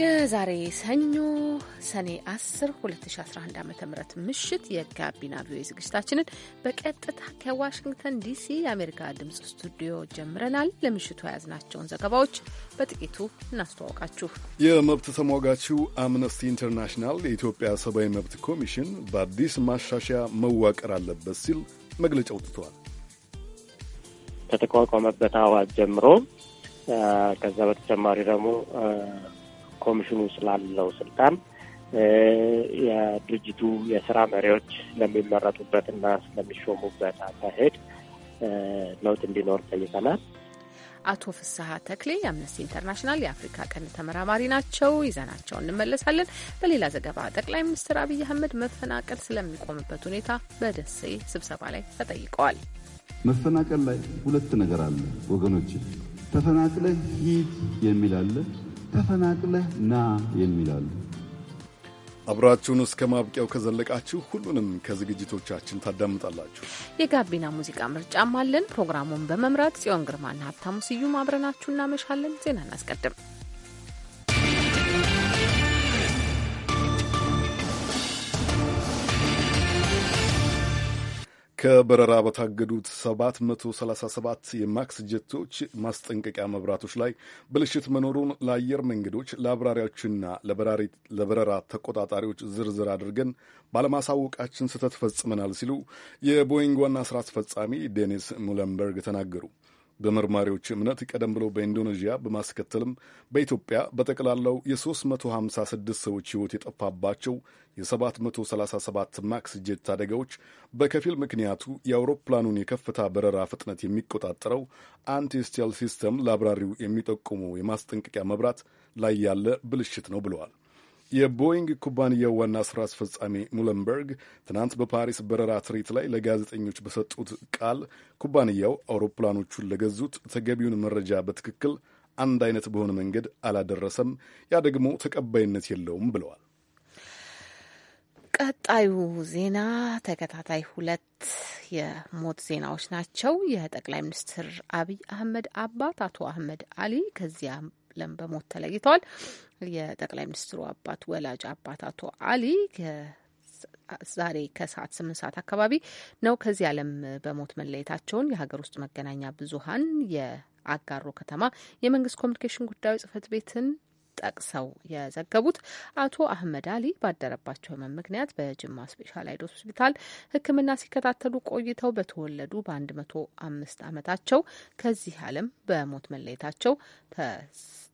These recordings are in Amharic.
የዛሬ ሰኞ ሰኔ 10 2011 ዓ ም ምሽት የጋቢና ቪዮ ዝግጅታችንን በቀጥታ ከዋሽንግተን ዲሲ የአሜሪካ ድምፅ ስቱዲዮ ጀምረናል። ለምሽቱ የያዝናቸውን ዘገባዎች በጥቂቱ እናስተዋውቃችሁ። የመብት ተሟጋቹ አምነስቲ ኢንተርናሽናል የኢትዮጵያ ሰብአዊ መብት ኮሚሽን በአዲስ ማሻሻያ መዋቀር አለበት ሲል መግለጫ አውጥተዋል። ከተቋቋመበት አዋጅ ጀምሮ ከዛ በተጨማሪ ደግሞ ኮሚሽኑ ስላለው ስልጣን የድርጅቱ የስራ መሪዎች ስለሚመረጡበትና ስለሚሾሙበት አካሄድ ለውጥ እንዲኖር ጠይቀናል። አቶ ፍስሀ ተክሌ የአምነስቲ ኢንተርናሽናል የአፍሪካ ቀንድ ተመራማሪ ናቸው። ይዘናቸው እንመለሳለን። በሌላ ዘገባ ጠቅላይ ሚኒስትር አብይ አህመድ መፈናቀል ስለሚቆምበት ሁኔታ በደሴ ስብሰባ ላይ ተጠይቀዋል። መፈናቀል ላይ ሁለት ነገር አለ ወገኖች፣ ተፈናቅለህ ሂድ የሚል አለ ተፈናቅለህ ና የሚላሉ። አብራችሁን እስከ ማብቂያው ከዘለቃችሁ ሁሉንም ከዝግጅቶቻችን ታዳምጣላችሁ። የጋቢና ሙዚቃ ምርጫም አለን። ፕሮግራሙን በመምራት ጽዮን ግርማና ሀብታሙ ስዩም አብረናችሁ እናመሻለን። ዜና እናስቀድም። ከበረራ በታገዱት 737 የማክስ ጀቶች ማስጠንቀቂያ መብራቶች ላይ ብልሽት መኖሩን ለአየር መንገዶች ለአብራሪዎችና ለበረራ ተቆጣጣሪዎች ዝርዝር አድርገን ባለማሳወቃችን ስህተት ፈጽመናል ሲሉ የቦይንግ ዋና ስራ አስፈጻሚ ዴኒስ ሙለንበርግ ተናገሩ። በመርማሪዎች እምነት ቀደም ብሎ በኢንዶኔዥያ በማስከተልም በኢትዮጵያ በጠቅላላው የ356 ሰዎች ሕይወት የጠፋባቸው የ737 ማክስ ጄት አደጋዎች በከፊል ምክንያቱ የአውሮፕላኑን የከፍታ በረራ ፍጥነት የሚቆጣጠረው አንቲስቴል ሲስተም ለአብራሪው የሚጠቁመው የማስጠንቀቂያ መብራት ላይ ያለ ብልሽት ነው ብለዋል። የቦይንግ ኩባንያው ዋና ስራ አስፈጻሚ ሙለንበርግ ትናንት በፓሪስ በረራ ትርኢት ላይ ለጋዜጠኞች በሰጡት ቃል ኩባንያው አውሮፕላኖቹን ለገዙት ተገቢውን መረጃ በትክክል አንድ አይነት በሆነ መንገድ አላደረሰም፣ ያ ደግሞ ተቀባይነት የለውም ብለዋል። ቀጣዩ ዜና ተከታታይ ሁለት የሞት ዜናዎች ናቸው። የጠቅላይ ሚኒስትር አብይ አህመድ አባት አቶ አህመድ አሊ ከዚያ ለም በሞት ተለይተዋል። የጠቅላይ ሚኒስትሩ አባት ወላጅ አባት አቶ አሊ ዛሬ ከሰዓት ስምንት ሰዓት አካባቢ ነው ከዚህ ዓለም በሞት መለየታቸውን የሀገር ውስጥ መገናኛ ብዙሀን የአጋሮ ከተማ የመንግስት ኮሚኒኬሽን ጉዳዮች ጽህፈት ቤትን ጠቅሰው የዘገቡት አቶ አህመድ አሊ ባደረባቸው ህመም ምክንያት በጅማ ስፔሻላይድ ሆስፒታል ሕክምና ሲከታተሉ ቆይተው በተወለዱ በአንድ መቶ አምስት ዓመታቸው ከዚህ ዓለም በሞት መለየታቸው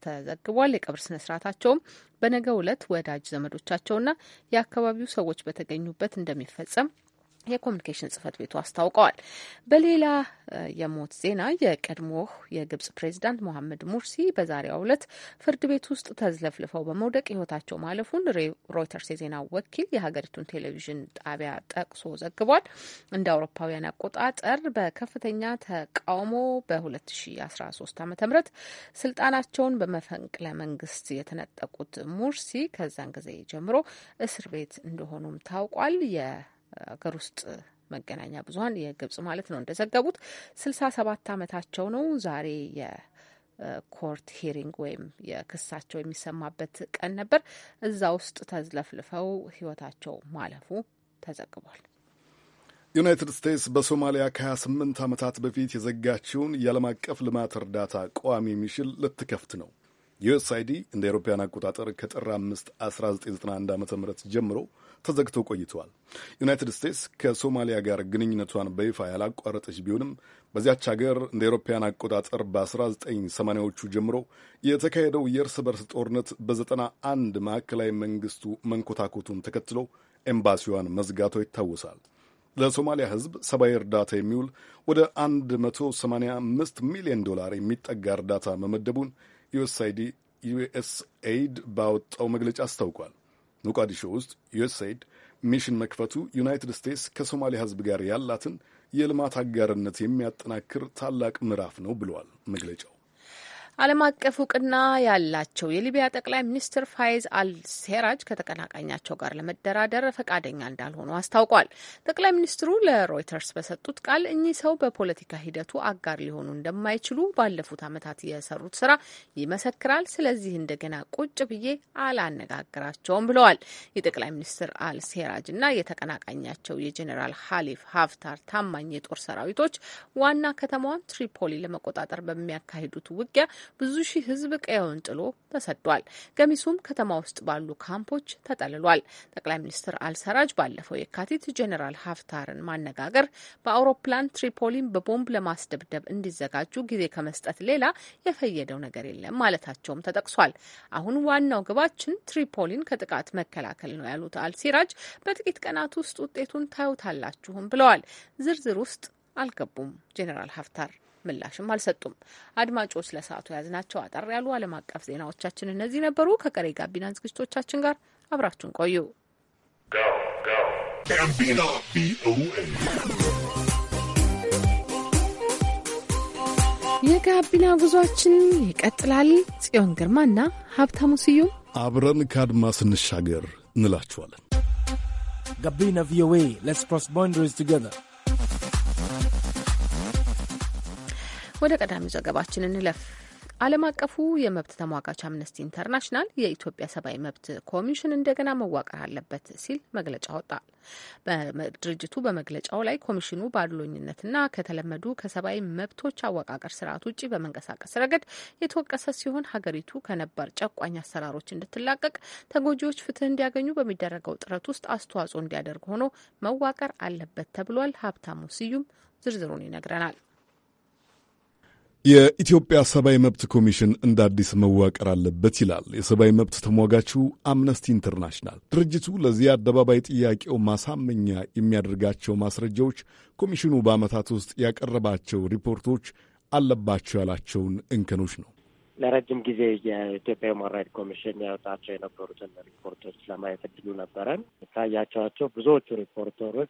ተዘግቧል። የቀብር ስነ ስርዓታቸውም በነገው ዕለት ወዳጅ ዘመዶቻቸውና የአካባቢው ሰዎች በተገኙበት እንደሚፈጸም የኮሚኒኬሽን ጽህፈት ቤቱ አስታውቀዋል። በሌላ የሞት ዜና የቀድሞ የግብጽ ፕሬዚዳንት ሞሐመድ ሙርሲ በዛሬው ዕለት ፍርድ ቤት ውስጥ ተዝለፍልፈው በመውደቅ ህይወታቸው ማለፉን ሮይተርስ የዜና ወኪል የሀገሪቱን ቴሌቪዥን ጣቢያ ጠቅሶ ዘግቧል። እንደ አውሮፓውያን አቆጣጠር በከፍተኛ ተቃውሞ በ2013 ዓ ም ስልጣናቸውን በመፈንቅለ መንግስት የተነጠቁት ሙርሲ ከዛን ጊዜ ጀምሮ እስር ቤት እንደሆኑም ታውቋል። አገር ውስጥ መገናኛ ብዙኃን የግብጽ ማለት ነው እንደዘገቡት ስልሳ ሰባት ዓመታቸው ነው ዛሬ ኮርት ሂሪንግ ወይም የክሳቸው የሚሰማበት ቀን ነበር። እዛ ውስጥ ተዝለፍልፈው ህይወታቸው ማለፉ ተዘግቧል። ዩናይትድ ስቴትስ በሶማሊያ ከ28 ዓመታት በፊት የዘጋችውን የዓለም አቀፍ ልማት እርዳታ ቋሚ ሚሽን ልትከፍት ነው። ዩኤስአይዲ እንደ አውሮፓውያን አቆጣጠር ከጥር 5 1991 ዓ ም ጀምሮ ተዘግቶ ቆይተዋል። ዩናይትድ ስቴትስ ከሶማሊያ ጋር ግንኙነቷን በይፋ ያላቋረጠች ቢሆንም በዚያች ሀገር እንደ አውሮፓውያን አቆጣጠር በ1980ዎቹ ጀምሮ የተካሄደው የእርስ በርስ ጦርነት በ91 ማዕከላዊ መንግስቱ መንኮታኮቱን ተከትሎ ኤምባሲዋን መዝጋቷ ይታወሳል። ለሶማሊያ ሕዝብ ሰብአዊ እርዳታ የሚውል ወደ 185 ሚሊዮን ዶላር የሚጠጋ እርዳታ መመደቡን ዩኤስኤይድ ባወጣው መግለጫ አስታውቋል። ሞቃዲሾ ውስጥ ዩኤስኤይድ ሚሽን መክፈቱ ዩናይትድ ስቴትስ ከሶማሌ ሕዝብ ጋር ያላትን የልማት አጋርነት የሚያጠናክር ታላቅ ምዕራፍ ነው ብለዋል መግለጫው። ዓለም አቀፍ እውቅና ያላቸው የሊቢያ ጠቅላይ ሚኒስትር ፋይዝ አልሴራጅ ከተቀናቃኛቸው ጋር ለመደራደር ፈቃደኛ እንዳልሆኑ አስታውቋል። ጠቅላይ ሚኒስትሩ ለሮይተርስ በሰጡት ቃል እኚህ ሰው በፖለቲካ ሂደቱ አጋር ሊሆኑ እንደማይችሉ ባለፉት ዓመታት የሰሩት ስራ ይመሰክራል። ስለዚህ እንደገና ቁጭ ብዬ አላነጋግራቸውም ብለዋል። የጠቅላይ ሚኒስትር አልሴራጅ እና የተቀናቃኛቸው የጄኔራል ሀሊፍ ሀፍታር ታማኝ የጦር ሰራዊቶች ዋና ከተማዋን ትሪፖሊ ለመቆጣጠር በሚያካሂዱት ውጊያ ብዙ ሺህ ህዝብ ቀየውን ጥሎ ተሰዷል። ገሚሱም ከተማ ውስጥ ባሉ ካምፖች ተጠልሏል። ጠቅላይ ሚኒስትር አልሰራጅ ባለፈው የካቲት ጄኔራል ሀፍታርን ማነጋገር በአውሮፕላን ትሪፖሊን በቦምብ ለማስደብደብ እንዲዘጋጁ ጊዜ ከመስጠት ሌላ የፈየደው ነገር የለም ማለታቸውም ተጠቅሷል። አሁን ዋናው ግባችን ትሪፖሊን ከጥቃት መከላከል ነው ያሉት አልሲራጅ በጥቂት ቀናት ውስጥ ውጤቱን ታዩታላችሁም ብለዋል። ዝርዝር ውስጥ አልገቡም ጄኔራል ሀፍታር ምላሽም አልሰጡም። አድማጮች፣ ለሰዓቱ የያዝናቸው አጠር ያሉ ዓለም አቀፍ ዜናዎቻችን እነዚህ ነበሩ። ከቀሪ ጋቢና ዝግጅቶቻችን ጋር አብራችሁን ቆዩ። የጋቢና ጉዟችን ይቀጥላል። ጽዮን ግርማና ሀብታሙ ስዩም አብረን ከአድማ ስንሻገር እንላችኋለን። ጋቢና ቪኦኤ ሌትስ ክሮስ ባውንደሪስ ቱጌዘር ወደ ቀዳሚው ዘገባችን እንለፍ። ዓለም አቀፉ የመብት ተሟጋች አምነስቲ ኢንተርናሽናል የኢትዮጵያ ሰብአዊ መብት ኮሚሽን እንደገና መዋቀር አለበት ሲል መግለጫ ወጣ። ድርጅቱ በመግለጫው ላይ ኮሚሽኑ በአድሎኝነትና ከተለመዱ ከሰብአዊ መብቶች አወቃቀር ስርዓት ውጭ በመንቀሳቀስ ረገድ የተወቀሰ ሲሆን ሀገሪቱ ከነባር ጨቋኝ አሰራሮች እንድትላቀቅ፣ ተጎጂዎች ፍትህ እንዲያገኙ በሚደረገው ጥረት ውስጥ አስተዋጽኦ እንዲያደርግ ሆኖ መዋቀር አለበት ተብሏል። ሀብታሙ ስዩም ዝርዝሩን ይነግረናል። የኢትዮጵያ ሰብአዊ መብት ኮሚሽን እንደ አዲስ መዋቀር አለበት ይላል የሰብአዊ መብት ተሟጋቹ አምነስቲ ኢንተርናሽናል። ድርጅቱ ለዚህ አደባባይ ጥያቄው ማሳመኛ የሚያደርጋቸው ማስረጃዎች ኮሚሽኑ በዓመታት ውስጥ ያቀረባቸው ሪፖርቶች አለባቸው ያላቸውን እንከኖች ነው። ለረጅም ጊዜ የኢትዮጵያ ሁማን ራይት ኮሚሽን ያወጣቸው የነበሩትን ሪፖርቶች ለማየት እድሉ ነበረን። ታያቸዋቸው ብዙዎቹ ሪፖርተሮች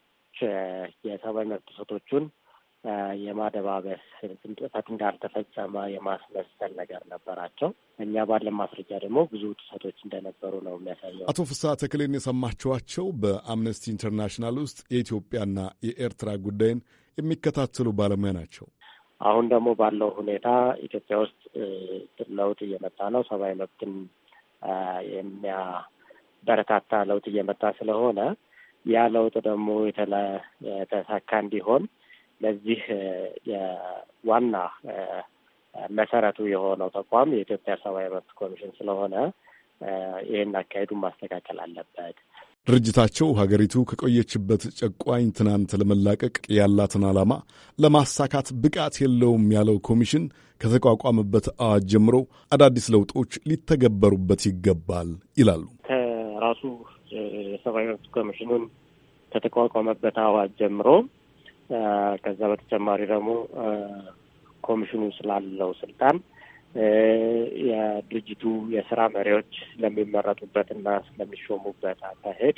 የሰብአዊ መብት ጥሰቶቹን የማደባበስ ጥምጠት እንዳልተፈጸመ የማስመሰል ነገር ነበራቸው። እኛ ባለን ማስረጃ ደግሞ ብዙ ጥሰቶች እንደነበሩ ነው የሚያሳየው። አቶ ፍስሐ ተክሌን የሰማችኋቸው በአምነስቲ ኢንተርናሽናል ውስጥ የኢትዮጵያና የኤርትራ ጉዳይን የሚከታተሉ ባለሙያ ናቸው። አሁን ደግሞ ባለው ሁኔታ ኢትዮጵያ ውስጥ ለውጥ እየመጣ ነው። ሰብአዊ መብትን የሚያበረታታ ለውጥ እየመጣ ስለሆነ ያ ለውጥ ደግሞ የተሳካ እንዲሆን ለዚህ የዋና መሰረቱ የሆነው ተቋም የኢትዮጵያ ሰብአዊ መብት ኮሚሽን ስለሆነ ይህን አካሄዱን ማስተካከል አለበት። ድርጅታቸው ሀገሪቱ ከቆየችበት ጨቋኝ ትናንት ለመላቀቅ ያላትን ዓላማ ለማሳካት ብቃት የለውም ያለው ኮሚሽን ከተቋቋመበት አዋጅ ጀምሮ አዳዲስ ለውጦች ሊተገበሩበት ይገባል ይላሉ። ከራሱ የሰብአዊ መብት ኮሚሽኑን ከተቋቋመበት አዋጅ ጀምሮ ከዛ በተጨማሪ ደግሞ ኮሚሽኑ ስላለው ስልጣን የድርጅቱ የስራ መሪዎች ስለሚመረጡበትና ስለሚሾሙበት አካሄድ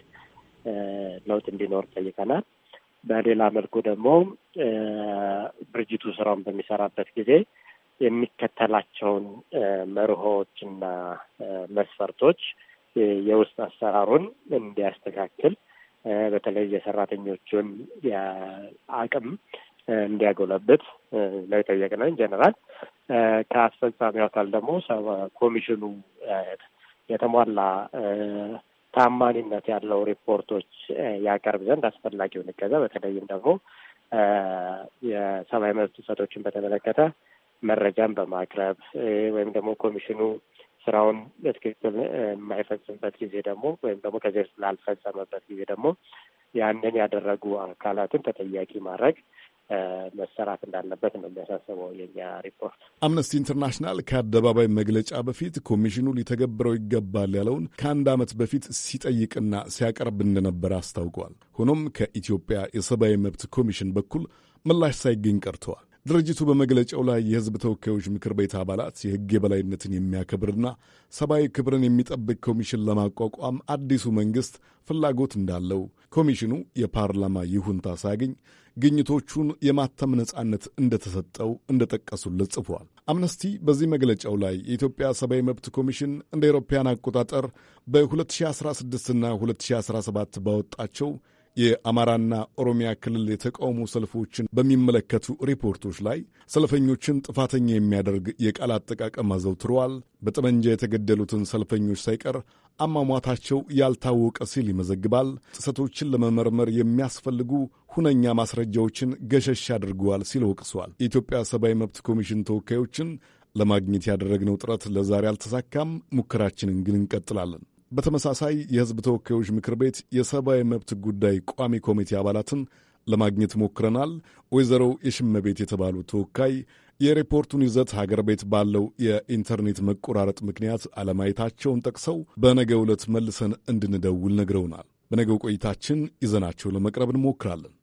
ለውጥ እንዲኖር ጠይቀናል። በሌላ መልኩ ደግሞ ድርጅቱ ስራውን በሚሰራበት ጊዜ የሚከተላቸውን መርሆዎችና መስፈርቶች የውስጥ አሰራሩን እንዲያስተካክል በተለይ የሰራተኞቹን አቅም እንዲያጎለብት ነው የጠየቅነው። ጀነራል ከአስፈጻሚ አካል ደግሞ ኮሚሽኑ የተሟላ ታማኒነት ያለው ሪፖርቶች ያቀርብ ዘንድ አስፈላጊውን እገዛ በተለይም ደግሞ የሰብአዊ መብት ጥሰቶችን በተመለከተ መረጃን በማቅረብ ወይም ደግሞ ኮሚሽኑ ስራውን በትክክል የማይፈጽምበት ጊዜ ደግሞ ወይም ደግሞ ከዚህ ስላልፈጸመበት ጊዜ ደግሞ ያንን ያደረጉ አካላትን ተጠያቂ ማድረግ መሰራት እንዳለበት ነው የሚያሳስበው የኛ ሪፖርት። አምነስቲ ኢንተርናሽናል ከአደባባይ መግለጫ በፊት ኮሚሽኑ ሊተገብረው ይገባል ያለውን ከአንድ ዓመት በፊት ሲጠይቅና ሲያቀርብ እንደነበረ አስታውቋል። ሆኖም ከኢትዮጵያ የሰብአዊ መብት ኮሚሽን በኩል ምላሽ ሳይገኝ ቀርተዋል። ድርጅቱ በመግለጫው ላይ የሕዝብ ተወካዮች ምክር ቤት አባላት የሕግ የበላይነትን የሚያከብርና ሰብአዊ ክብርን የሚጠብቅ ኮሚሽን ለማቋቋም አዲሱ መንግሥት ፍላጎት እንዳለው ኮሚሽኑ የፓርላማ ይሁንታ ሳያገኝ ግኝቶቹን የማተም ነጻነት እንደተሰጠው እንደጠቀሱለት ጽፏል። አምነስቲ በዚህ መግለጫው ላይ የኢትዮጵያ ሰብአዊ መብት ኮሚሽን እንደ አውሮፓውያን አቆጣጠር በ2016ና 2017 ባወጣቸው የአማራና ኦሮሚያ ክልል የተቃውሞ ሰልፎችን በሚመለከቱ ሪፖርቶች ላይ ሰልፈኞችን ጥፋተኛ የሚያደርግ የቃል አጠቃቀም አዘውትረዋል። በጠመንጃ የተገደሉትን ሰልፈኞች ሳይቀር አሟሟታቸው ያልታወቀ ሲል ይመዘግባል። ጥሰቶችን ለመመርመር የሚያስፈልጉ ሁነኛ ማስረጃዎችን ገሸሽ አድርገዋል ሲል ወቅሷል። የኢትዮጵያ ሰብአዊ መብት ኮሚሽን ተወካዮችን ለማግኘት ያደረግነው ጥረት ለዛሬ አልተሳካም። ሙከራችንን ግን እንቀጥላለን። በተመሳሳይ የህዝብ ተወካዮች ምክር ቤት የሰብአዊ መብት ጉዳይ ቋሚ ኮሚቴ አባላትን ለማግኘት ሞክረናል። ወይዘሮ የሽመቤት የተባሉ ተወካይ የሪፖርቱን ይዘት ሀገር ቤት ባለው የኢንተርኔት መቆራረጥ ምክንያት አለማየታቸውን ጠቅሰው በነገ ዕለት መልሰን እንድንደውል ነግረውናል። በነገው ቆይታችን ይዘናቸው ለመቅረብ እንሞክራለን።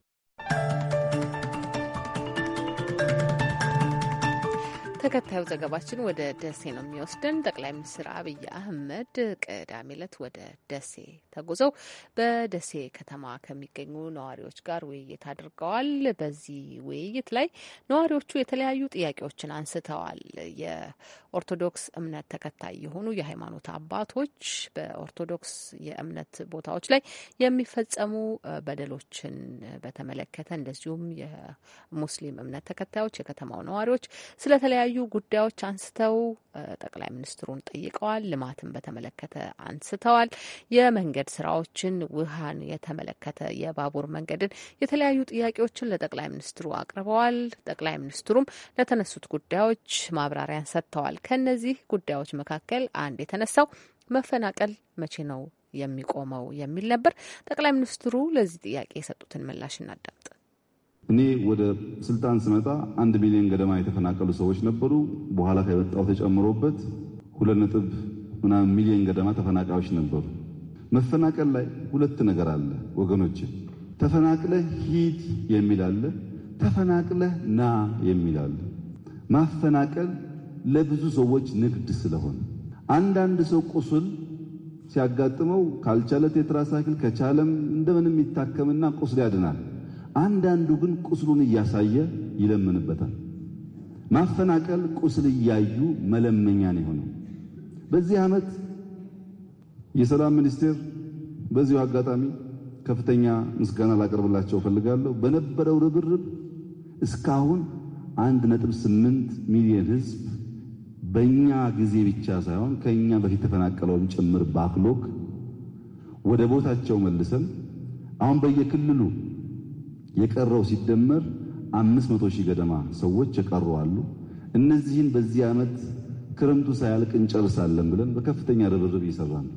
ተከታዩ ዘገባችን ወደ ደሴ ነው የሚወስደን። ጠቅላይ ሚኒስትር አብይ አህመድ ቅዳሜ ዕለት ወደ ደሴ ተጉዘው በደሴ ከተማ ከሚገኙ ነዋሪዎች ጋር ውይይት አድርገዋል። በዚህ ውይይት ላይ ነዋሪዎቹ የተለያዩ ጥያቄዎችን አንስተዋል። የኦርቶዶክስ እምነት ተከታይ የሆኑ የሃይማኖት አባቶች በኦርቶዶክስ የእምነት ቦታዎች ላይ የሚፈጸሙ በደሎችን በተመለከተ እንደዚሁም የሙስሊም እምነት ተከታዮች፣ የከተማው ነዋሪዎች ስለተለያዩ የተለያዩ ጉዳዮች አንስተው ጠቅላይ ሚኒስትሩን ጠይቀዋል። ልማትን በተመለከተ አንስተዋል። የመንገድ ስራዎችን፣ ውሃን የተመለከተ የባቡር መንገድን፣ የተለያዩ ጥያቄዎችን ለጠቅላይ ሚኒስትሩ አቅርበዋል። ጠቅላይ ሚኒስትሩም ለተነሱት ጉዳዮች ማብራሪያን ሰጥተዋል። ከእነዚህ ጉዳዮች መካከል አንድ የተነሳው መፈናቀል መቼ ነው የሚቆመው የሚል ነበር። ጠቅላይ ሚኒስትሩ ለዚህ ጥያቄ የሰጡትን ምላሽ እናዳ እኔ ወደ ስልጣን ስመጣ አንድ ሚሊዮን ገደማ የተፈናቀሉ ሰዎች ነበሩ። በኋላ ከመጣው ተጨምሮበት ሁለት ነጥብ ምናምን ሚሊዮን ገደማ ተፈናቃዮች ነበሩ። መፈናቀል ላይ ሁለት ነገር አለ ወገኖች፣ ተፈናቅለህ ሂድ የሚል አለ፣ ተፈናቅለህ ና የሚል አለ። ማፈናቀል ለብዙ ሰዎች ንግድ ስለሆነ አንዳንድ ሰው ቁስል ሲያጋጥመው ካልቻለ ቴትራሳይክል ከቻለም እንደምንም ይታከምና ቁስል ያድናል። አንዳንዱ ግን ቁስሉን እያሳየ ይለምንበታል። ማፈናቀል ቁስል እያዩ መለመኛ ነው የሆነው። በዚህ ዓመት የሰላም ሚኒስቴር በዚሁ አጋጣሚ ከፍተኛ ምስጋና ላቀርብላቸው እፈልጋለሁ። በነበረው ርብርብ እስካሁን 1.8 ሚሊዮን ህዝብ በእኛ ጊዜ ብቻ ሳይሆን ከእኛ በፊት ተፈናቀለውም ጭምር ባክሎክ ወደ ቦታቸው መልሰን አሁን በየክልሉ የቀረው ሲደመር አምስት መቶ ሺህ ገደማ ሰዎች የቀሩ አሉ። እነዚህን በዚህ ዓመት ክረምቱ ሳያልቅ እንጨርሳለን ብለን በከፍተኛ ርብርብ እየሰራን ነው።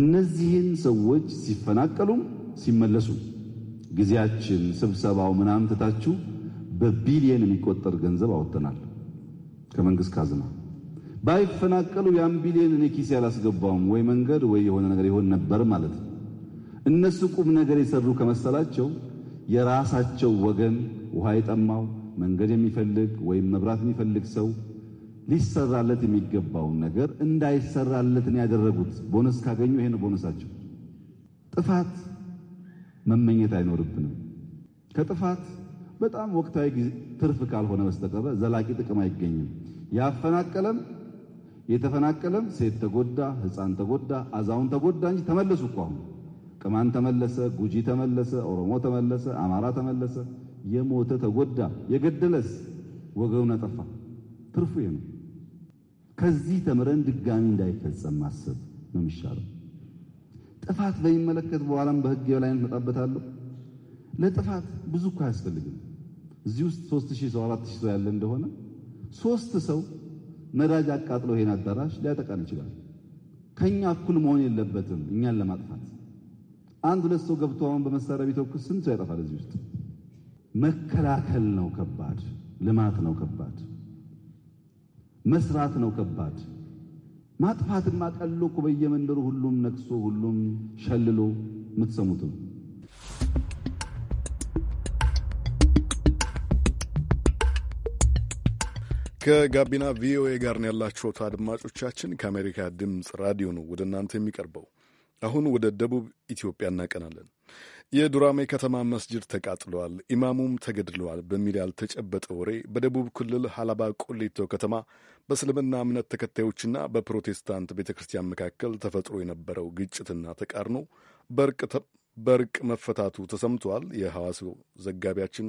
እነዚህን ሰዎች ሲፈናቀሉም ሲመለሱ ጊዜያችን፣ ስብሰባው ምናምን ትታችሁ በቢሊየን የሚቆጠር ገንዘብ አወጥተናል ከመንግስት ካዝና። ባይፈናቀሉ ያን ቢሊየን እኔ ኪስ ያላስገባውም ወይ መንገድ ወይ የሆነ ነገር ይሆን ነበር ማለት ነው። እነሱ ቁም ነገር የሰሩ ከመሰላቸው የራሳቸው ወገን ውሃ የጠማው መንገድ የሚፈልግ ወይም መብራት የሚፈልግ ሰው ሊሰራለት የሚገባውን ነገር እንዳይሰራለት ነው ያደረጉት። ቦነስ ካገኙ ይሄ ነው ቦነሳቸው። ጥፋት መመኘት አይኖርብንም። ከጥፋት በጣም ወቅታዊ ትርፍ ካልሆነ በስተቀረ ዘላቂ ጥቅም አይገኝም። ያፈናቀለም የተፈናቀለም ሴት ተጎዳ፣ ሕፃን ተጎዳ፣ አዛውን ተጎዳ እንጂ ተመለሱ እኮ አሁን ቅማን ተመለሰ፣ ጉጂ ተመለሰ፣ ኦሮሞ ተመለሰ፣ አማራ ተመለሰ። የሞተ ተጎዳ፣ የገደለስ ወገቡን አጠፋ። ትርፉ ነው። ከዚህ ተምረን ድጋሚ እንዳይፈጸም ማሰብ ነው የሚሻለው። ጥፋት በሚመለከት በኋላም በህግ የበላይነት መጣበታለሁ። ለጥፋት ብዙ እኮ አያስፈልግም። እዚህ ውስጥ 3000 ሰው 4000 ሰው ያለ እንደሆነ ሶስት ሰው ነዳጅ አቃጥሎ ይሄን አዳራሽ ሊያጠቃን ይችላል። ከኛ እኩል መሆን የለበትም እኛን ለማጥፋት አንድ ሁለት ሰው ገብቶ አሁን በመሳሪያ ቢተኩስ ስንት ሰው ያጠፋል? እዚህ ውስጥ መከላከል ነው ከባድ፣ ልማት ነው ከባድ፣ መስራት ነው ከባድ። ማጥፋትማ ቀሎ እኮ በየመንደሩ ሁሉም ነክሶ ሁሉም ሸልሎ ነው። ከጋቢና ቪኦኤ ጋር ያላችሁት አድማጮቻችን። ከአሜሪካ ድምፅ ራዲዮ ነው ወደ እናንተ የሚቀርበው። አሁን ወደ ደቡብ ኢትዮጵያ እናቀናለን። የዱራሜ ከተማ መስጅድ ተቃጥለዋል፣ ኢማሙም ተገድለዋል በሚል ያልተጨበጠ ወሬ በደቡብ ክልል ሀላባ ቆሌቶ ከተማ በእስልምና እምነት ተከታዮችና በፕሮቴስታንት ቤተ ክርስቲያን መካከል ተፈጥሮ የነበረው ግጭትና ተቃርኖ በእርቅ መፈታቱ ተሰምተዋል። የሐዋሳው ዘጋቢያችን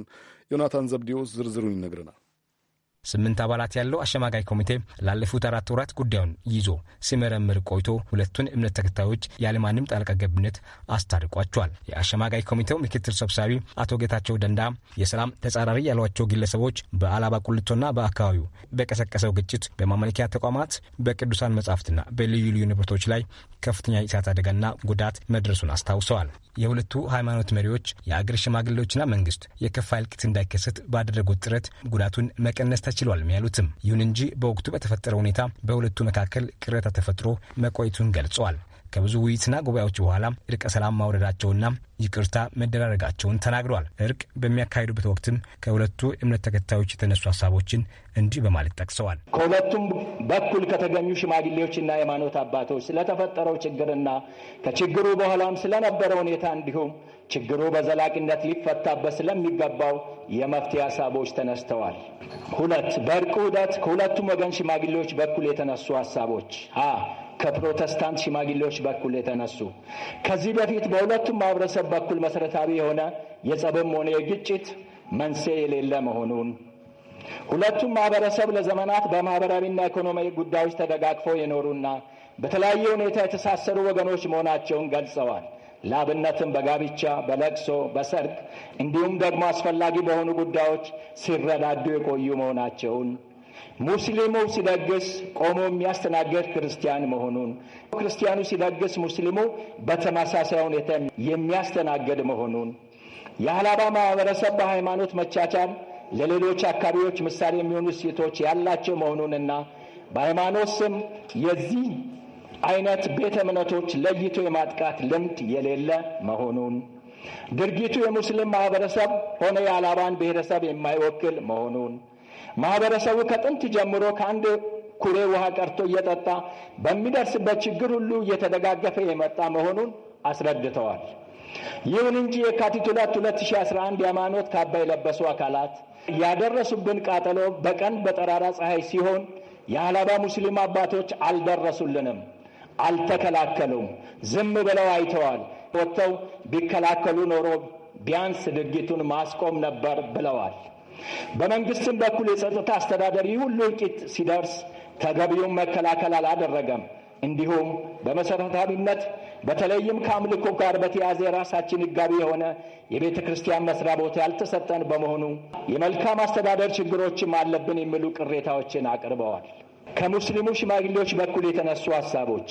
ዮናታን ዘብዴዎስ ዝርዝሩን ይነግረናል። ስምንት አባላት ያለው አሸማጋይ ኮሚቴ ላለፉት አራት ወራት ጉዳዩን ይዞ ሲመረምር ቆይቶ ሁለቱን እምነት ተከታዮች ያለማንም ጣልቃ ገብነት አስታርቋቸዋል። የአሸማጋይ ኮሚቴው ምክትል ሰብሳቢ አቶ ጌታቸው ደንዳ የሰላም ተጻራሪ ያሏቸው ግለሰቦች በአላባ ቁልቶና በአካባቢው በቀሰቀሰው ግጭት በማመልኪያ ተቋማት፣ በቅዱሳን መጻሕፍትና በልዩ ልዩ ንብረቶች ላይ ከፍተኛ የእሳት አደጋና ጉዳት መድረሱን አስታውሰዋል። የሁለቱ ሃይማኖት መሪዎች የአገር ሽማግሌዎችና መንግስት የከፋ እልቂት እንዳይከሰት ባደረጉት ጥረት ጉዳቱን መቀነስ ተች ተችሏል ነው ያሉትም። ይሁን እንጂ በወቅቱ በተፈጠረ ሁኔታ በሁለቱ መካከል ቅሬታ ተፈጥሮ መቆየቱን ገልጸዋል። ከብዙ ውይይትና ጉባኤዎች በኋላ እርቀ ሰላም ማውረዳቸውና ይቅርታ መደራረጋቸውን ተናግረዋል። እርቅ በሚያካሂዱበት ወቅትም ከሁለቱ እምነት ተከታዮች የተነሱ ሀሳቦችን እንዲህ በማለት ጠቅሰዋል። ከሁለቱም በኩል ከተገኙ ሽማግሌዎችና ሃይማኖት አባቶች ስለተፈጠረው ችግርና ከችግሩ በኋላም ስለነበረ ሁኔታ እንዲሁም ችግሩ በዘላቂነት ሊፈታበት ስለሚገባው የመፍትሄ ሀሳቦች ተነስተዋል። ሁለት በእርቅ ሂደት ከሁለቱም ወገን ሽማግሌዎች በኩል የተነሱ ሀሳቦች ከፕሮተስታንት ሽማግሌዎች በኩል የተነሱ ከዚህ በፊት በሁለቱም ማህበረሰብ በኩል መሰረታዊ የሆነ የጸብም ሆነ የግጭት መንስኤ የሌለ መሆኑን ሁለቱም ማህበረሰብ ለዘመናት በማህበራዊና ኢኮኖሚያዊ ጉዳዮች ተደጋግፈው የኖሩና በተለያየ ሁኔታ የተሳሰሩ ወገኖች መሆናቸውን ገልጸዋል። ለአብነትም በጋብቻ፣ በለቅሶ፣ በሰርግ እንዲሁም ደግሞ አስፈላጊ በሆኑ ጉዳዮች ሲረዳዱ የቆዩ መሆናቸውን ሙስሊሙ ሲለግስ ቆሞ የሚያስተናገድ ክርስቲያን መሆኑን፣ ክርስቲያኑ ሲለግስ ሙስሊሙ በተመሳሳይ ሁኔታ የሚያስተናገድ መሆኑን የአላባ ማህበረሰብ በሃይማኖት መቻቻል ለሌሎች አካባቢዎች ምሳሌ የሚሆኑ ሴቶች ያላቸው መሆኑንና በሃይማኖት ስም የዚህ አይነት ቤተ እምነቶች ለይቶ የማጥቃት ልምድ የሌለ መሆኑን ድርጊቱ የሙስሊም ማህበረሰብ ሆነ የአላባን ብሔረሰብ የማይወክል መሆኑን ማህበረሰቡ ከጥንት ጀምሮ ከአንድ ኩሬ ውሃ ቀርቶ እየጠጣ በሚደርስበት ችግር ሁሉ እየተደጋገፈ የመጣ መሆኑን አስረድተዋል። ይሁን እንጂ የካቲት 2 2011 የሃይማኖት ካባ የለበሱ አካላት ያደረሱብን ቃጠሎ በቀን በጠራራ ፀሐይ ሲሆን የአላባ ሙስሊም አባቶች አልደረሱልንም፣ አልተከላከሉም፣ ዝም ብለው አይተዋል። ወጥተው ቢከላከሉ ኖሮ ቢያንስ ድርጊቱን ማስቆም ነበር ብለዋል። በመንግስትም በኩል የጸጥታ አስተዳደር ይህ ሁሉ እልቂት ሲደርስ ተገቢውን መከላከል አላደረገም። እንዲሁም በመሰረታዊነት በተለይም ከአምልኮ ጋር በተያያዘ የራሳችን ሕጋዊ የሆነ የቤተ ክርስቲያን መስሪያ ቦታ ያልተሰጠን በመሆኑ የመልካም አስተዳደር ችግሮችም አለብን የሚሉ ቅሬታዎችን አቅርበዋል። ከሙስሊሙ ሽማግሌዎች በኩል የተነሱ ሀሳቦች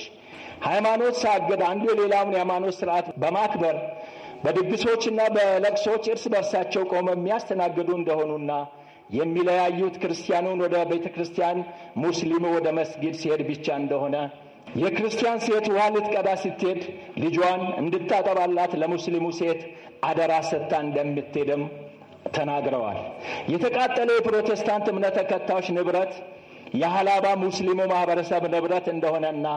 ሃይማኖት ሳገድ አንዱ የሌላውን የሃይማኖት ስርዓት በማክበር በድግሶችና በለቅሶች እርስ በርሳቸው ቆመው የሚያስተናግዱ እንደሆኑና የሚለያዩት ክርስቲያኑን ወደ ቤተ ክርስቲያን ሙስሊሙ ወደ መስጊድ ሲሄድ ብቻ እንደሆነ የክርስቲያን ሴት ውሃ ልትቀዳ ስትሄድ ልጇን እንድታጠባላት ለሙስሊሙ ሴት አደራ ሰጥታ እንደምትሄድም ተናግረዋል። የተቃጠለ የፕሮቴስታንት እምነት ተከታዮች ንብረት የሀላባ ሙስሊሙ ማህበረሰብ ንብረት እንደሆነና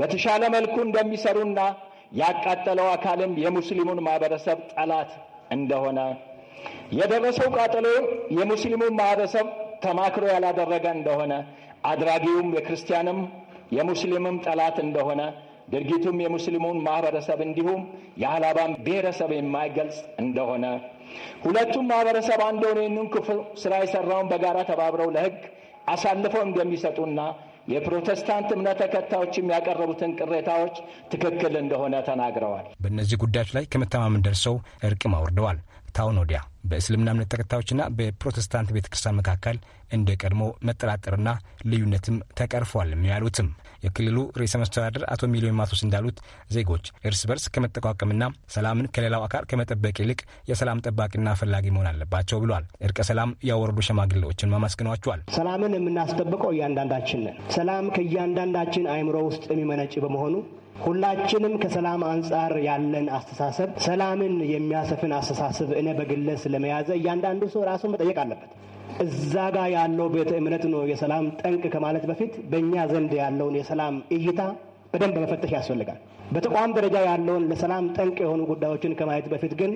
በተሻለ መልኩ እንደሚሰሩና ያቃጠለው አካልም የሙስሊሙን ማህበረሰብ ጠላት እንደሆነ የደረሰው ቃጠሎ የሙስሊሙን ማህበረሰብ ተማክሮ ያላደረገ እንደሆነ አድራጊውም የክርስቲያንም የሙስሊምም ጠላት እንደሆነ ድርጊቱም የሙስሊሙን ማህበረሰብ እንዲሁም የአላባን ብሔረሰብ የማይገልጽ እንደሆነ ሁለቱም ማህበረሰብ አንድ ሆኖ ይህንን ክፉ ስራ የሰራውን በጋራ ተባብረው ለህግ አሳልፈው እንደሚሰጡና የፕሮቴስታንት እምነት ተከታዮች የሚያቀረቡትን ቅሬታዎች ትክክል እንደሆነ ተናግረዋል። በእነዚህ ጉዳዮች ላይ ከመተማመን ደርሰው እርቅም አውርደዋል። ታውን ወዲያ በእስልምና እምነት ተከታዮችና በፕሮቴስታንት ቤተ ክርስቲያን መካከል እንደ ቀድሞ መጠራጠርና ልዩነትም ተቀርፏል ያሉትም የክልሉ ርዕሰ መስተዳደር አቶ ሚሊዮን ማቶስ እንዳሉት ዜጎች እርስ በርስ ከመጠቋቀምና ሰላምን ከሌላው አካል ከመጠበቅ ይልቅ የሰላም ጠባቂና ፈላጊ መሆን አለባቸው ብሏል። እርቀ ሰላም ያወረዱ ሸማግሌዎችን ማመስገኗቸዋል። ሰላምን የምናስጠብቀው እያንዳንዳችን ነን። ሰላም ከእያንዳንዳችን አእምሮ ውስጥ የሚመነጭ በመሆኑ ሁላችንም ከሰላም አንጻር ያለን አስተሳሰብ ሰላምን የሚያሰፍን አስተሳሰብ እኔ በግለስ ለመያዘ እያንዳንዱ ሰው ራሱን መጠየቅ አለበት። እዛ ጋር ያለው ቤተ እምነት ነው የሰላም ጠንቅ ከማለት በፊት በእኛ ዘንድ ያለውን የሰላም እይታ በደንብ መፈተሽ ያስፈልጋል። በተቋም ደረጃ ያለውን ለሰላም ጠንቅ የሆኑ ጉዳዮችን ከማየት በፊት ግን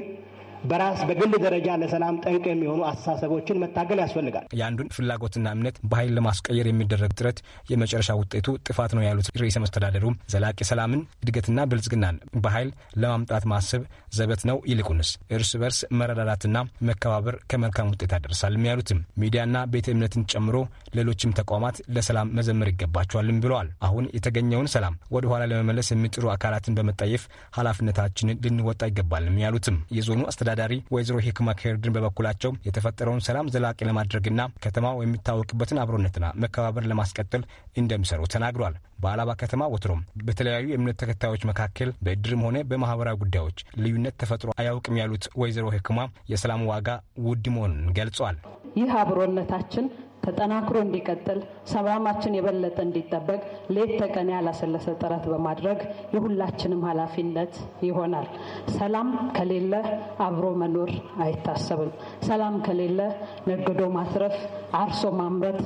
በራስ በግል ደረጃ ለሰላም ጠንቅ የሚሆኑ አስተሳሰቦችን መታገል ያስፈልጋል። የአንዱን ፍላጎትና እምነት በኃይል ለማስቀየር የሚደረግ ጥረት የመጨረሻ ውጤቱ ጥፋት ነው ያሉት ርዕሰ መስተዳደሩ ዘላቂ ሰላምን እድገትና ብልጽግናን በኃይል ለማምጣት ማሰብ ዘበት ነው። ይልቁንስ እርስ በርስ መረዳዳትና መከባበር ከመልካም ውጤት ያደርሳልም ያሉትም ሚዲያና ቤተ እምነትን ጨምሮ ሌሎችም ተቋማት ለሰላም መዘመር ይገባቸዋልም ብለዋል። አሁን የተገኘውን ሰላም ወደ ኋላ ለመመለስ የሚጥሩ አካላትን በመጠየፍ ኃላፊነታችንን ልንወጣ ይገባልም ያሉትም የዞኑ አስተዳደ አስተዳዳሪ ወይዘሮ ሂክማ ከርድን በበኩላቸው የተፈጠረውን ሰላም ዘላቂ ለማድረግና ከተማው የሚታወቅበትን አብሮነትና መከባበር ለማስቀጠል እንደሚሰሩ ተናግሯል። በአላባ ከተማ ወትሮም በተለያዩ የእምነት ተከታዮች መካከል በእድርም ሆነ በማህበራዊ ጉዳዮች ልዩነት ተፈጥሮ አያውቅም ያሉት ወይዘሮ ህክማ የሰላም ዋጋ ውድ መሆኑን ገልጿል። ይህ አብሮነታችን ተጠናክሮ እንዲቀጥል ሰላማችን የበለጠ እንዲጠበቅ ሌት ተቀን ያላሰለሰ ጥረት በማድረግ የሁላችንም ኃላፊነት ይሆናል። ሰላም ከሌለ አብሮ መኖር አይታሰብም። ሰላም ከሌለ ነግዶ ማትረፍ፣ አርሶ ማምረት፣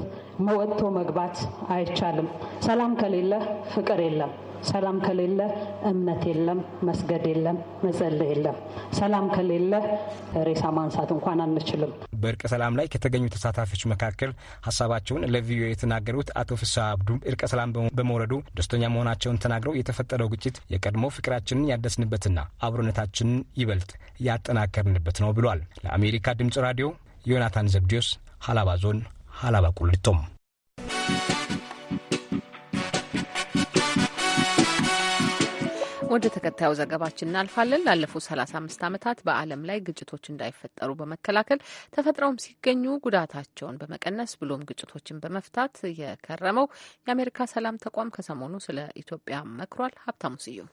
መወጥቶ መግባት አይቻልም። ሰላም ከሌለ ፍቅር የለም። ሰላም ከሌለ እምነት የለም፣ መስገድ የለም፣ መጸለይ የለም። ሰላም ከሌለ ሬሳ ማንሳት እንኳን አንችልም። በእርቀ ሰላም ላይ ከተገኙ ተሳታፊዎች መካከል ሀሳባቸውን ለቪኦኤ የተናገሩት አቶ ፍስሐ አብዱ እርቀ ሰላም በመውረዱ ደስተኛ መሆናቸውን ተናግረው የተፈጠረው ግጭት የቀድሞ ፍቅራችንን ያደስንበትና አብሮነታችንን ይበልጥ ያጠናከርንበት ነው ብሏል። ለአሜሪካ ድምጽ ራዲዮ ዮናታን ዘብዲዮስ ሀላባ ዞን ሀላባ ቁልቶም ወደ ተከታዩ ዘገባችን እናልፋለን። ላለፉት 35 ዓመታት በዓለም ላይ ግጭቶች እንዳይፈጠሩ በመከላከል ተፈጥረውም ሲገኙ ጉዳታቸውን በመቀነስ ብሎም ግጭቶችን በመፍታት የከረመው የአሜሪካ ሰላም ተቋም ከሰሞኑ ስለ ኢትዮጵያ መክሯል። ሀብታሙ ስዩም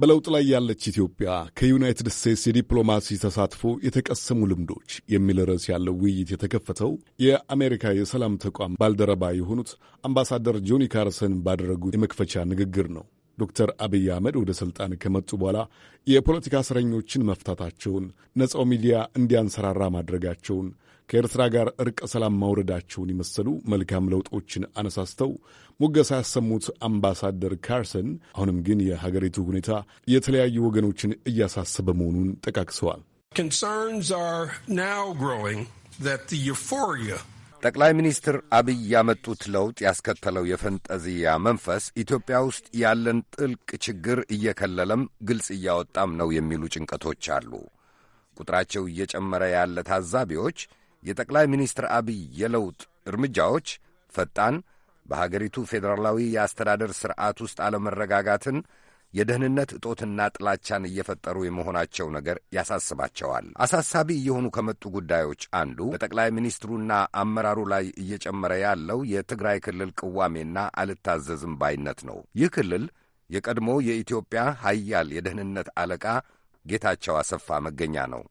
በለውጥ ላይ ያለች ኢትዮጵያ ከዩናይትድ ስቴትስ የዲፕሎማሲ ተሳትፎ የተቀሰሙ ልምዶች የሚል ርዕስ ያለው ውይይት የተከፈተው የአሜሪካ የሰላም ተቋም ባልደረባ የሆኑት አምባሳደር ጆኒ ካርሰን ባደረጉት የመክፈቻ ንግግር ነው። ዶክተር አብይ አህመድ ወደ ሥልጣን ከመጡ በኋላ የፖለቲካ እስረኞችን መፍታታቸውን፣ ነጻው ሚዲያ እንዲያንሰራራ ማድረጋቸውን፣ ከኤርትራ ጋር እርቀ ሰላም ማውረዳቸውን የመሰሉ መልካም ለውጦችን አነሳስተው ሙገሳ ያሰሙት አምባሳደር ካርሰን አሁንም ግን የሀገሪቱ ሁኔታ የተለያዩ ወገኖችን እያሳሰበ መሆኑን ጠቃቅሰዋል። Concerns are now growing that the euphoria ጠቅላይ ሚኒስትር አብይ ያመጡት ለውጥ ያስከተለው የፈንጠዚያ መንፈስ ኢትዮጵያ ውስጥ ያለን ጥልቅ ችግር እየከለለም ግልጽ እያወጣም ነው የሚሉ ጭንቀቶች አሉ። ቁጥራቸው እየጨመረ ያለ ታዛቢዎች የጠቅላይ ሚኒስትር አብይ የለውጥ እርምጃዎች ፈጣን፣ በሀገሪቱ ፌዴራላዊ የአስተዳደር ሥርዓት ውስጥ አለመረጋጋትን የደህንነት እጦትና ጥላቻን እየፈጠሩ የመሆናቸው ነገር ያሳስባቸዋል። አሳሳቢ እየሆኑ ከመጡ ጉዳዮች አንዱ በጠቅላይ ሚኒስትሩና አመራሩ ላይ እየጨመረ ያለው የትግራይ ክልል ቅዋሜና አልታዘዝም ባይነት ነው። ይህ ክልል የቀድሞ የኢትዮጵያ ኃያል የደህንነት አለቃ ጌታቸው አሰፋ መገኛ ነው።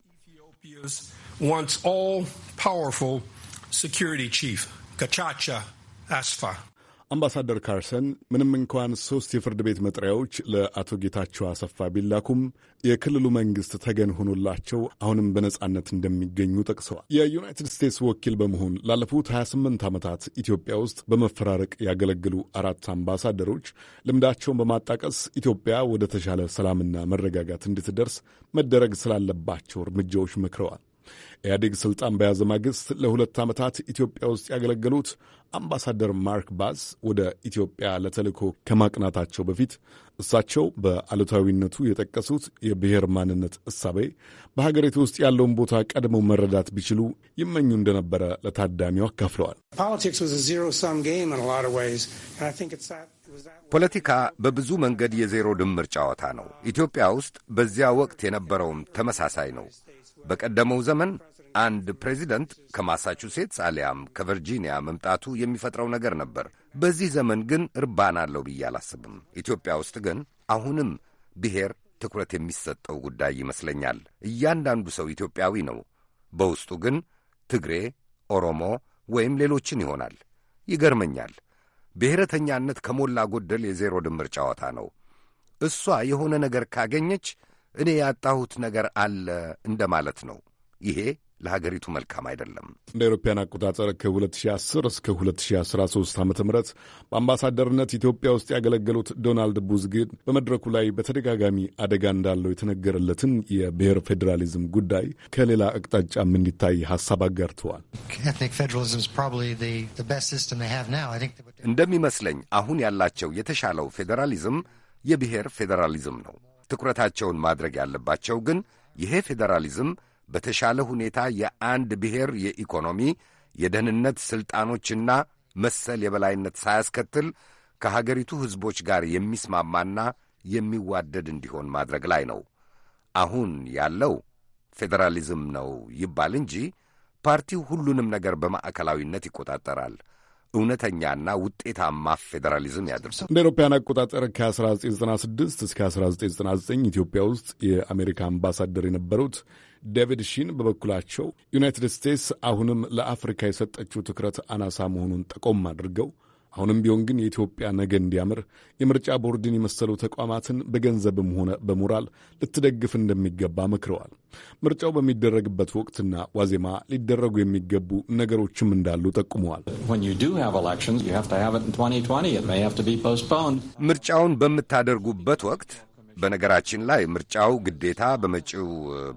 once አምባሳደር ካርሰን ምንም እንኳን ሶስት የፍርድ ቤት መጥሪያዎች ለአቶ ጌታቸው አሰፋ ቢላኩም የክልሉ መንግስት ተገን ሆኖላቸው አሁንም በነጻነት እንደሚገኙ ጠቅሰዋል። የዩናይትድ ስቴትስ ወኪል በመሆን ላለፉት 28 ዓመታት ኢትዮጵያ ውስጥ በመፈራረቅ ያገለግሉ አራት አምባሳደሮች ልምዳቸውን በማጣቀስ ኢትዮጵያ ወደ ተሻለ ሰላምና መረጋጋት እንድትደርስ መደረግ ስላለባቸው እርምጃዎች መክረዋል። ኢህአዴግ ስልጣን በያዘ ማግስት ለሁለት ዓመታት ኢትዮጵያ ውስጥ ያገለገሉት አምባሳደር ማርክ ባስ ወደ ኢትዮጵያ ለተልእኮ ከማቅናታቸው በፊት እሳቸው በአሉታዊነቱ የጠቀሱት የብሔር ማንነት እሳቤ በሀገሪቱ ውስጥ ያለውን ቦታ ቀድመው መረዳት ቢችሉ ይመኙ እንደነበረ ለታዳሚው አካፍለዋል። ፖለቲካ በብዙ መንገድ የዜሮ ድምር ጨዋታ ነው። ኢትዮጵያ ውስጥ በዚያ ወቅት የነበረውም ተመሳሳይ ነው። በቀደመው ዘመን አንድ ፕሬዚደንት ከማሳቹሴትስ አሊያም ከቨርጂኒያ መምጣቱ የሚፈጥረው ነገር ነበር። በዚህ ዘመን ግን እርባና አለው ብዬ አላስብም። ኢትዮጵያ ውስጥ ግን አሁንም ብሔር ትኩረት የሚሰጠው ጉዳይ ይመስለኛል። እያንዳንዱ ሰው ኢትዮጵያዊ ነው። በውስጡ ግን ትግሬ፣ ኦሮሞ ወይም ሌሎችን ይሆናል። ይገርመኛል። ብሔረተኛነት ከሞላ ጎደል የዜሮ ድምር ጨዋታ ነው። እሷ የሆነ ነገር ካገኘች እኔ ያጣሁት ነገር አለ እንደማለት ነው። ይሄ ለሀገሪቱ መልካም አይደለም። እንደ አውሮፓውያን አቆጣጠር ከ2010 እስከ 2013 ዓ ም በአምባሳደርነት ኢትዮጵያ ውስጥ ያገለገሉት ዶናልድ ቡዝ ግን በመድረኩ ላይ በተደጋጋሚ አደጋ እንዳለው የተነገረለትን የብሔር ፌዴራሊዝም ጉዳይ ከሌላ አቅጣጫም እንዲታይ ሀሳብ አጋርተዋል። እንደሚመስለኝ አሁን ያላቸው የተሻለው ፌዴራሊዝም የብሔር ፌዴራሊዝም ነው። ትኩረታቸውን ማድረግ ያለባቸው ግን ይሄ ፌዴራሊዝም በተሻለ ሁኔታ የአንድ ብሔር የኢኮኖሚ የደህንነት ሥልጣኖችና መሰል የበላይነት ሳያስከትል ከሀገሪቱ ሕዝቦች ጋር የሚስማማና የሚዋደድ እንዲሆን ማድረግ ላይ ነው። አሁን ያለው ፌዴራሊዝም ነው ይባል እንጂ ፓርቲው ሁሉንም ነገር በማዕከላዊነት ይቆጣጠራል። እውነተኛና ውጤታማ ፌዴራሊዝም ያደርሰው እንደ አውሮፓውያን አቆጣጠር ከ1996 እስከ 1999 ኢትዮጵያ ውስጥ የአሜሪካ አምባሳደር የነበሩት ዴቪድ ሺን በበኩላቸው ዩናይትድ ስቴትስ አሁንም ለአፍሪካ የሰጠችው ትኩረት አናሳ መሆኑን ጠቆም አድርገው አሁንም ቢሆን ግን የኢትዮጵያ ነገ እንዲያምር የምርጫ ቦርድን የመሰሉ ተቋማትን በገንዘብም ሆነ በሞራል ልትደግፍ እንደሚገባ መክረዋል። ምርጫው በሚደረግበት ወቅትና ዋዜማ ሊደረጉ የሚገቡ ነገሮችም እንዳሉ ጠቁመዋል። ምርጫውን በምታደርጉበት ወቅት በነገራችን ላይ ምርጫው ግዴታ በመጪው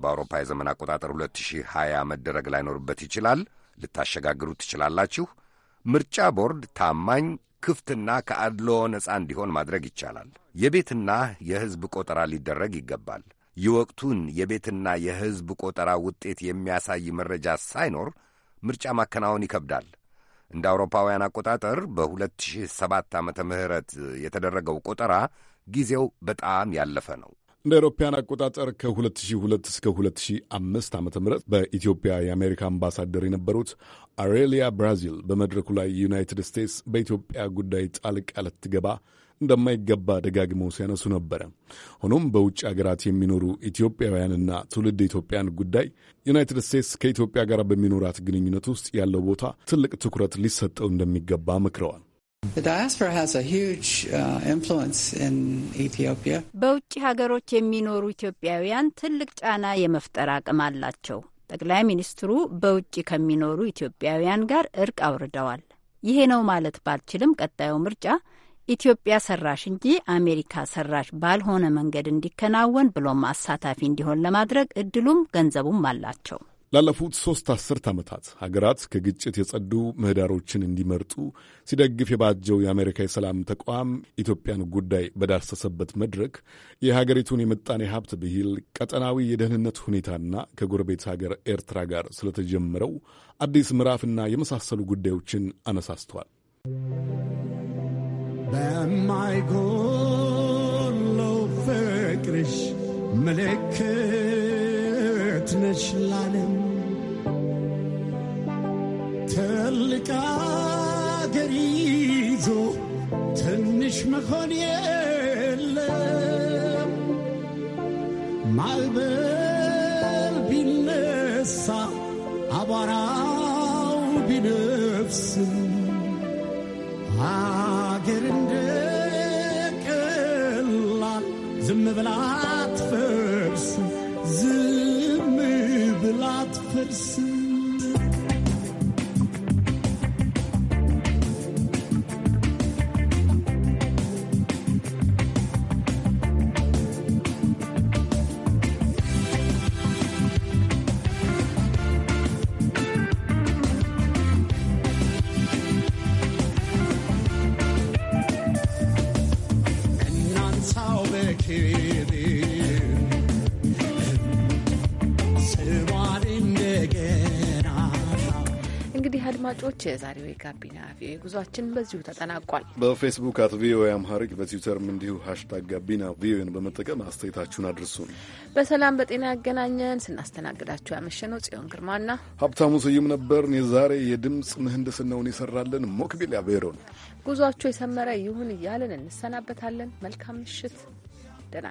በአውሮፓ የዘመን አቆጣጠር 2020 መደረግ ላይኖርበት ይችላል። ልታሸጋግሩ ትችላላችሁ። ምርጫ ቦርድ ታማኝ ክፍትና ከአድልዎ ነፃ እንዲሆን ማድረግ ይቻላል። የቤትና የሕዝብ ቆጠራ ሊደረግ ይገባል። የወቅቱን የቤትና የሕዝብ ቆጠራ ውጤት የሚያሳይ መረጃ ሳይኖር ምርጫ ማከናወን ይከብዳል። እንደ አውሮፓውያን አቆጣጠር በ2007 ዓመተ ምህረት የተደረገው ቆጠራ ጊዜው በጣም ያለፈ ነው። እንደ አውሮፓውያን አቆጣጠር ከ2002 እስከ 2005 ዓ ም በኢትዮጵያ የአሜሪካ አምባሳደር የነበሩት አሬሊያ ብራዚል በመድረኩ ላይ ዩናይትድ ስቴትስ በኢትዮጵያ ጉዳይ ጣልቃ ልትገባ እንደማይገባ ደጋግመው ሲያነሱ ነበረ። ሆኖም በውጭ አገራት የሚኖሩ ኢትዮጵያውያንና ትውልድ ኢትዮጵያን ጉዳይ ዩናይትድ ስቴትስ ከኢትዮጵያ ጋር በሚኖራት ግንኙነት ውስጥ ያለው ቦታ ትልቅ ትኩረት ሊሰጠው እንደሚገባ መክረዋል። Uh, በውጭ ሀገሮች የሚኖሩ ኢትዮጵያውያን ትልቅ ጫና የመፍጠር አቅም አላቸው። ጠቅላይ ሚኒስትሩ በውጭ ከሚኖሩ ኢትዮጵያውያን ጋር እርቅ አውርደዋል። ይሄ ነው ማለት ባልችልም ቀጣዩ ምርጫ ኢትዮጵያ ሰራሽ እንጂ አሜሪካ ሰራሽ ባልሆነ መንገድ እንዲከናወን ብሎም አሳታፊ እንዲሆን ለማድረግ እድሉም ገንዘቡም አላቸው። ላለፉት ሦስት አስርት ዓመታት ሀገራት ከግጭት የጸዱ ምህዳሮችን እንዲመርጡ ሲደግፍ የባጀው የአሜሪካ የሰላም ተቋም ኢትዮጵያን ጉዳይ በዳሰሰበት መድረክ የሀገሪቱን የምጣኔ ሀብት ብሂል፣ ቀጠናዊ የደህንነት ሁኔታና ከጎረቤት ሀገር ኤርትራ ጋር ስለተጀመረው አዲስ ምዕራፍና የመሳሰሉ ጉዳዮችን አነሳስተዋል። በማይጎለው ፍቅርሽ ምልክት እውነት ነች ላለም ትልቅ አገር ይዞ ትንሽ መሆን የለም ማዕበል ቢነሳ አቧራው ቢነፍስም አገር እንደ ቀላል ዝም ብላ put some አድማጮች የዛሬው የጋቢና ቪኦኤ ጉዟችን በዚሁ ተጠናቋል። በፌስቡክ አት ቪኦኤ አምሃሪክ በትዊተርም እንዲሁ ሀሽታግ ጋቢና ቪኦኤን በመጠቀም አስተያየታችሁን አድርሱን። በሰላም በጤና ያገናኘን። ስናስተናግዳችሁ ያመሸነው ጽዮን ግርማና ሀብታሙ ስዩም ነበርን። የዛሬ የድምፅ ምህንድስናውን የሰራለን ሞክቢል ያብሮ ነው። ጉዟችሁ የሰመረ ይሁን እያለን እንሰናበታለን። መልካም ምሽት፣ ደህና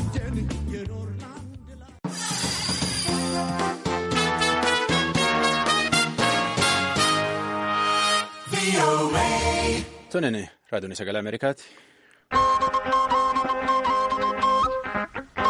Tonini, raadiyoon sagalee Ameerikaati.